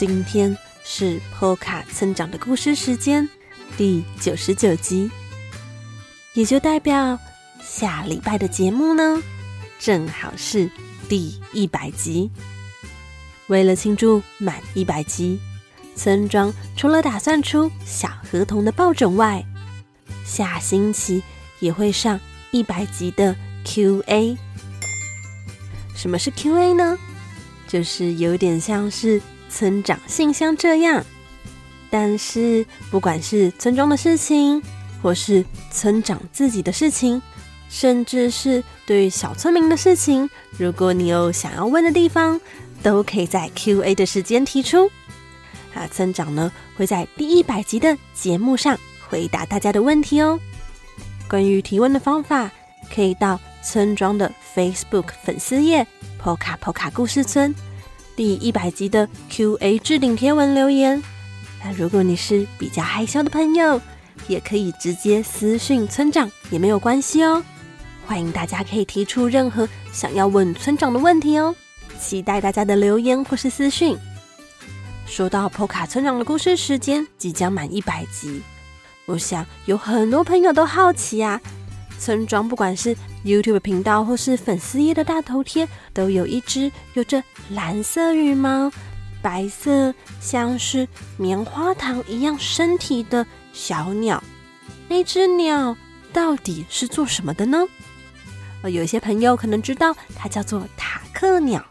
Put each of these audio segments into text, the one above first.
今天是破卡村長的故事時間，第九十九集，也就代表下禮拜的節目呢，正好是第一百集。為了慶祝滿一百集，村莊除了打算出小河童的抱枕外，下星期也會上一百集的 Q&A。什麼是 Q&A 呢？就是有點像是。村長信箱這樣，但是不管是村莊的事情，或是村長自己的事情，甚至是對於小村民的事情，如果你有想要問的地方，都可以在 Q&A 的時間提出。啊，村長呢會在第一百集的節目上回答大家的問題哦。關於提問的方法，可以到村莊的 Facebook 粉絲頁 “Pocapoca 故事村”。第一百集的 Q A 置頂貼文留言，那如果你是比較害羞的朋友，也可以直接私訊村長，也沒有關係哦。歡迎大家可以提出任何想要問村長的問題哦，期待大家的留言或是私訊。說到 Pocapoca 村長的故事，時間即將滿一百集，我想有很多朋友都好奇呀、啊。村莊，不管是 YouTube 頻道或是粉絲頁的大頭貼，都有一隻有着藍色羽毛、白色像是棉花糖一樣身體的小鳥。那隻鳥到底是做什麼的呢？有些朋友可能知道，它叫做塔克鳥。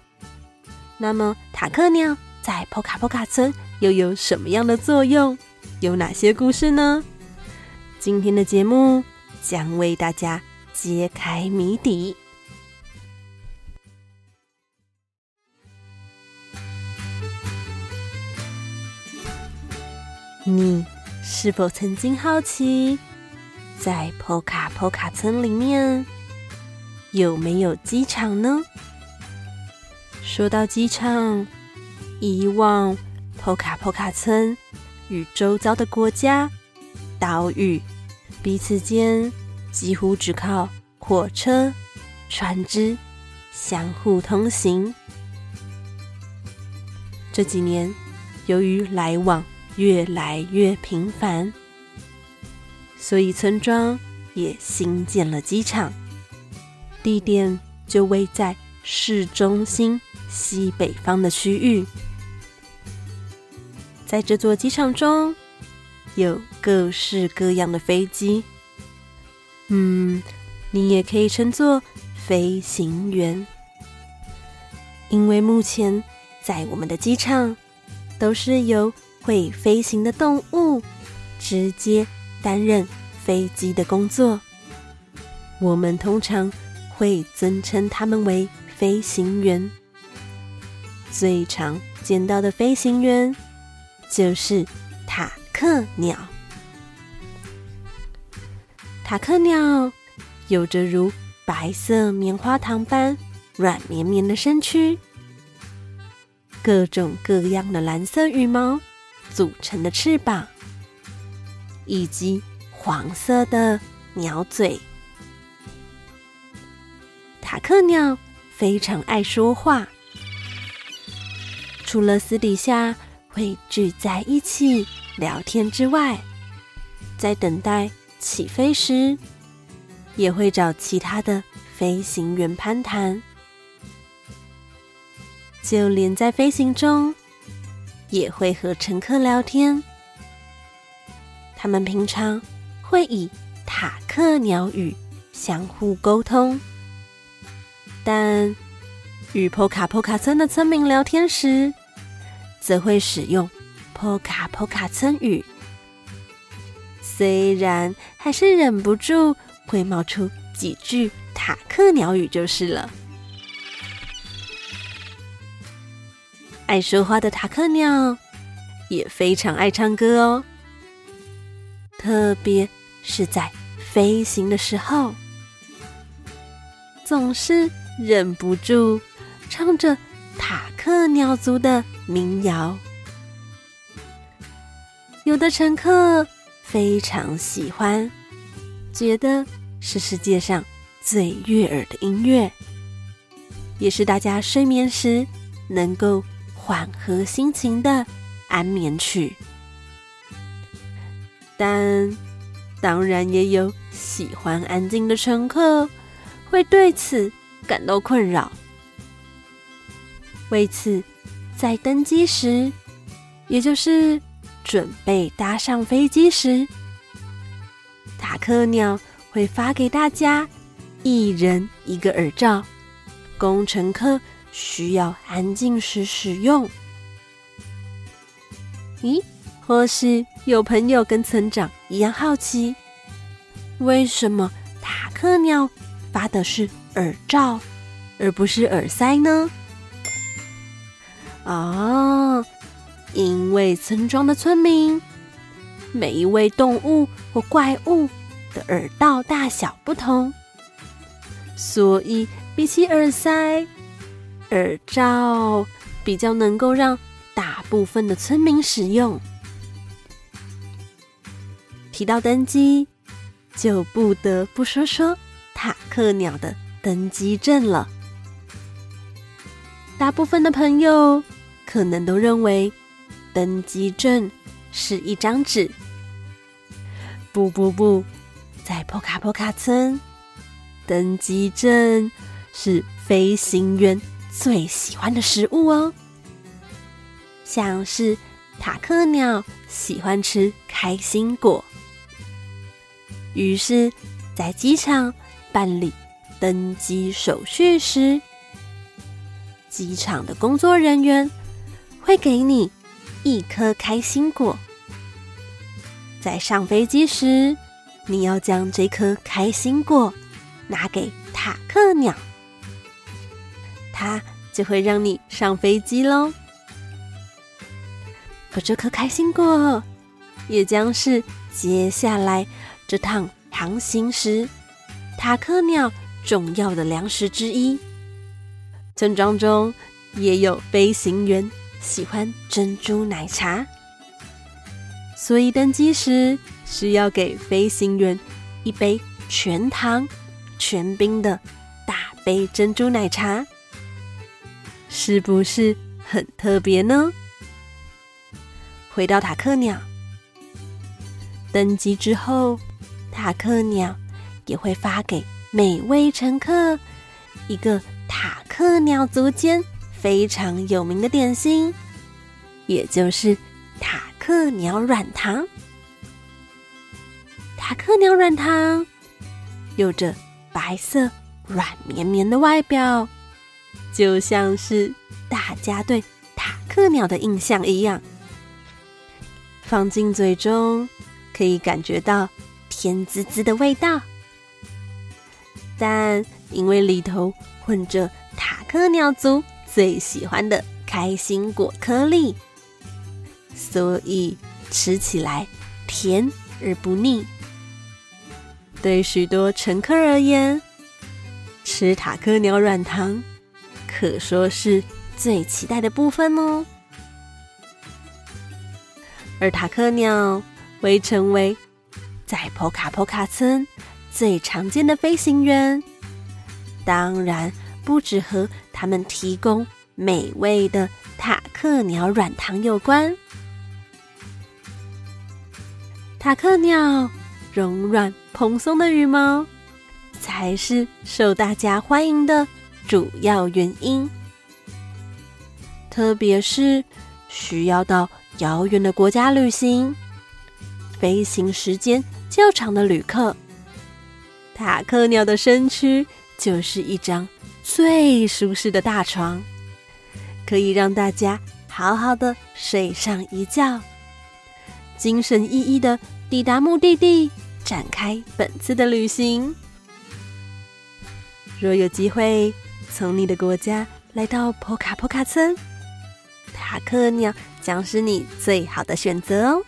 那麼塔克鳥在波卡波卡村又有什麼樣的作用？有哪些故事呢？今天的節目。將為大家揭開謎底。你是否曾經好奇，在波卡波卡村裡面有沒有機場呢？說到機場，以往波卡波卡村與周遭的國家、島嶼。彼此間幾乎只靠火車、船只相互通行。這幾年，由於來往越來越頻繁，所以村莊也新建了機場，地點就位在市中心西北方的區域。在這座機場中，有各式各樣的飛機，嗯，你也可以稱作飛行員，因為目前在我們的機場都是由會飛行的動物直接擔任飛機的工作，我們通常會尊稱他們為飛行員。最常見到的飛行員就是。塔克鳥，塔克鳥有着如白色棉花糖般軟綿綿的身軀，各種各樣的藍色羽毛組成的翅膀，以及黃色的鳥嘴。塔克鳥非常愛說話，除了私底下會聚在一起。聊天之外，在等待起飛時，也會找其他的飛行員攀談；就連在飛行中，也會和乘客聊天。他們平常會以塔克鳥語相互溝通，但與坡卡坡卡村的村民聊天時，則會使用。Pocapoca 村語，雖然還是忍不住會冒出幾句塔克鳥語，就是了。愛說話的塔克鳥也非常愛唱歌哦，特別是在飛行的時候，總是忍不住唱着塔克鳥族的民謠。有的乘客非常喜歡，覺得是世界上最悅耳的音樂，也是大家睡眠時能夠緩和心情的安眠曲。但當然也有喜歡安靜的乘客會對此感到困擾。為此，在登機時，也就是。準備搭上飛機時，塔克鳥會發給大家一人一個耳罩，供乘客需要安靜時使用。咦？或許有朋友跟村長一樣好奇，為什麼塔克鳥發的是耳罩而不是耳塞呢？哦。因為村莊的村民，每一位動物或怪物的耳道大小不同，所以比起耳塞，耳罩，比較能夠讓大部分的村民使用。提到登機，就不得不說說塔克鳥的登機證了。大部分的朋友可能都認為。登機證是一張紙，不不不，在波卡波卡村，登機證是飛行員最喜歡的食物哦。像是塔克鳥喜歡吃開心果，於是，在機場辦理登機手續時，機場的工作人員會給你。一顆開心果，在上飛機時，你要將這顆開心果拿給塔克鳥，它就會讓你上飛機嘍。而這顆開心果，也將是接下來這趟航行時塔克鳥重要的糧食之一。村莊中也有飛行員。喜歡珍珠奶茶，所以登機時需要給飛行員一杯全糖、全冰的大杯珍珠奶茶，是不是很特別呢？回到塔克鳥，登機之後，塔克鳥也會發給每位乘客一個塔克鳥足尖。非常有名的點心，也就是塔克鳥軟糖。塔克鳥軟糖有着白色、軟綿綿的外表，就像是大家對塔克鳥的印象一樣。放進嘴中，可以感覺到甜滋滋的味道，但因為裡頭混着塔克鳥族。最喜歡的開心果顆粒，所以吃起來甜而不膩。對許多乘客而言，吃塔克鳥軟糖可說是最期待的部分哦。而塔克鳥會成為在普卡普卡村最常見的飛行員，當然不止和。他們提供美味的塔克鳥軟糖有關。塔克鳥柔軟蓬鬆的羽毛才是受大家歡迎的主要原因，特別是需要到遙遠的國家旅行、飛行時間較長的旅客，塔克鳥的身軀就是一張。最舒適的大床，可以讓大家好好的睡上一覺，精神奕奕的抵達目的地，展開本次的旅行。若有機會從你的國家來到波卡波卡村，塔克鳥將是你最好的選擇哦。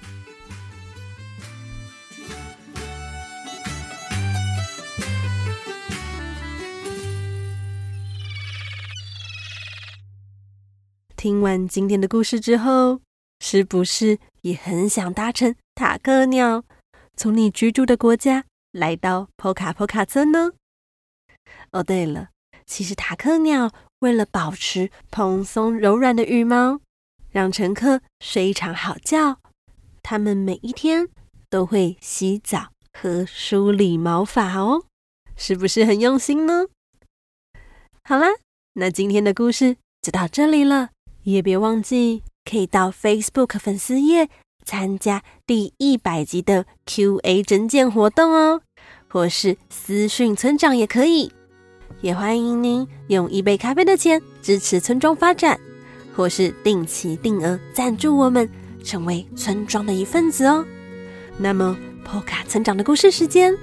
聽完今天的故事之後，是不是也很想搭乘塔克鳥，從你居住的國家來到波卡波卡村呢？哦，對了，其實塔克鳥為了保持蓬鬆柔軟的羽毛，讓乘客睡一場好覺，它們每一天都會洗澡和梳理毛髮哦，是不是很用心呢？好啦，那今天的故事就到這裡了。也別忘記可以到 Facebook 粉絲頁參加第一百集的 Q&A 徵件活動哦，或是私訊村長也可以。也歡迎您用一杯咖啡的錢支持村莊發展，或是定期定額贊助我們，成為村莊的一份子哦。那麼波卡村長的故事時間，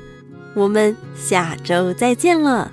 我們下周再見了。